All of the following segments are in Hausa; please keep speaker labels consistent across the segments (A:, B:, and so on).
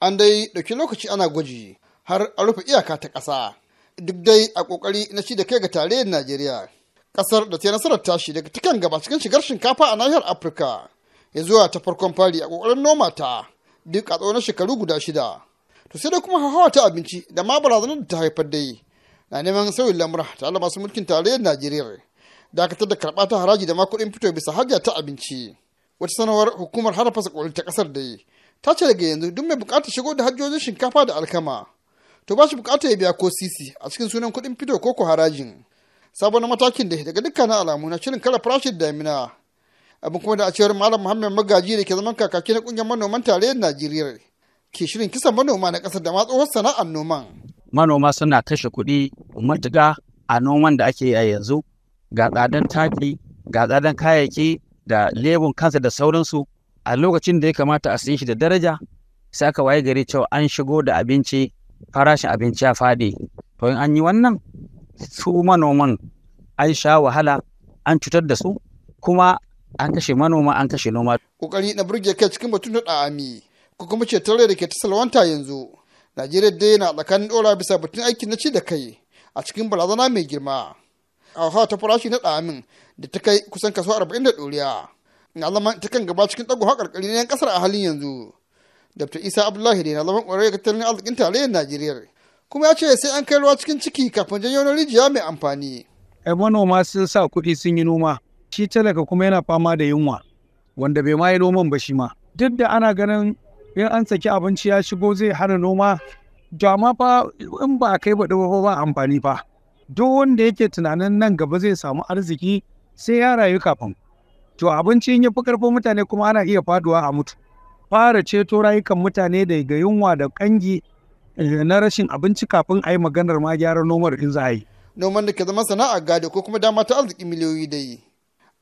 A: an dai ɗauki lokaci ana gwaji har a rufe iyaka ta ƙasa duk dai a ƙoƙari na ci da kai ga tarayyar najeriya ƙasar da ta yi nasarar tashi daga takan gaba cikin shigar shinkafa a nahiyar afirka ya zuwa ta farkon fari a ƙoƙarin noma ta duk a tsawon shekaru guda shida to sai dai kuma hawa ta abinci da ma barazanar da ta haifar dai na neman sauyin lamura tare da masu mulkin tarayyar najeriya dakatar da karɓa ta haraji da ma kuɗin fito bisa hajja ta abinci wata sanarwar hukumar fasa ƙwarin ta ƙasar dai. ta ce daga yanzu duk mai bukatar shigo da hajjojin shinkafa da alkama to ba shi bukatar ya biya ko sisi a cikin sunan kudin fito ko ko harajin sabon matakin da daga dukkanin alamu na shirin kala farashin damina abin kuma da a cewar malam muhammad magaji da ke zaman kakaki na kungiyar manoman tarayyar najeriya ke shirin kisan manoma na kasar da ma tsohon sana'ar noman
B: manoma suna kashe kuɗi matuƙa a noman da ake yi a yanzu ga tsadan taki ga tsadan kayayyaki da lebun kansa da sauransu a lokacin da ya kamata a sayi shi da daraja sai aka waye gari cewa an shigo da abinci farashin abinci ya faɗi to in an yi wannan su manoman an sha wahala an cutar da su kuma an kashe manoma an kashe noma
A: kokari na burge kai cikin batun da ami ko kuma ce tare da ke ta salwanta yanzu najeriya dai na tsakanin dora bisa batun aikin na ci da kai a cikin barazana mai girma a ta farashi na ɗa'amin da ta kai kusan kaso arba'in da ɗoriya na zaman ta kan gaba cikin ɗago haƙarƙari na kasar a halin yanzu dr isa abdullahi da na zaman ƙwararre ga tattalin arzikin tarayyar najeriya kuma ya ce sai an kai ruwa cikin ciki kafin janyo na rijiya mai amfani. ai manoma sun sa kuɗi sun yi noma shi talaka kuma yana
C: fama da yunwa wanda bai ma yi noman ba shi ma duk da ana ganin in an saki abinci ya shigo zai hana noma da ma fa in ba kai ba ɗaukwa ba amfani fa duk wanda yake tunanin nan gaba zai samu arziki sai ya rayu kafin to abinci in ya fi karfin mutane kuma ana iya faduwa a mutu fara ceto rayukan mutane daga yunwa da kangi eh, na rashin abinci kafin a yi maganar ma gyara nomar in za a yi
A: noman da ke zama sana'a gado ko kuma dama ta arziki miliyoyi da yi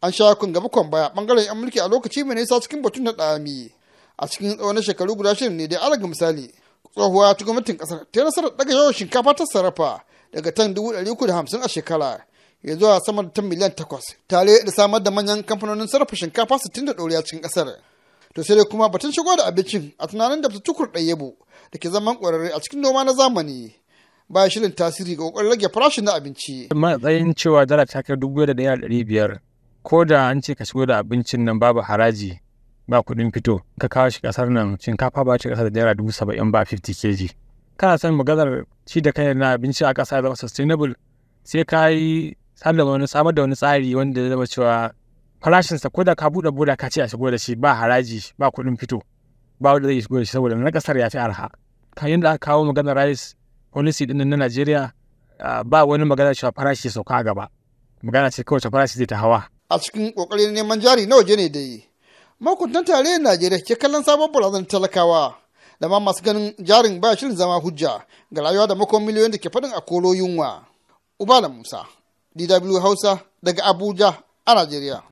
A: an sha kun gaba kwan baya bangaren yan mulki a lokaci mai nisa cikin batun na ɗami a cikin tsawon shekaru guda shirin ne dai alaga misali tsohuwa ta gwamnatin kasar ta nasarar daga yawan shinkafa ta sarrafa daga tan dubu ɗari uku da hamsin a shekara ya zuwa samar da miliyan takwas tare da samar da manyan kamfanonin sarrafa shinkafa sittin da ɗoriya cikin ƙasar to sai dai kuma batun shigo da abincin a tunanin da tukur yabo da ke zaman ƙwararre a cikin noma na zamani ba shirin tasiri ga ƙoƙarin rage farashin na abinci.
D: matsayin cewa dala ta kai dubu da naira ɗari biyar ko da an ce ka shigo da abincin nan babu haraji ba kuɗin fito ka kawo shi ƙasar nan shinkafa ba ce ƙasar da naira dubu saba'in ba 50 kg kana son maganar ci da kai na abinci a ƙasa ya zama sustainable sai ka yi samar wani samar da wani tsari wanda ya zama cewa farashinsa ko da ka buɗe boda ka ce a shigo da shi ba haraji ba kuɗin fito ba wanda zai shigo da shi saboda na ƙasar ya fi arha kayan da aka kawo maganar rice policy ɗin na Najeriya ba wani magana cewa farashi sauka a gaba magana ce kawai farashi zai ta hawa
A: a cikin kokarin neman jari na waje ne dai makuntan tarayyar Najeriya ke kallon sabon barazan talakawa da ma masu ganin jarin ba shirin zama hujja ga rayuwa da makon miliyoyin da ke faɗin a kolo yunwa Ubala Musa, DW Hausa daga Abuja a Najeriya.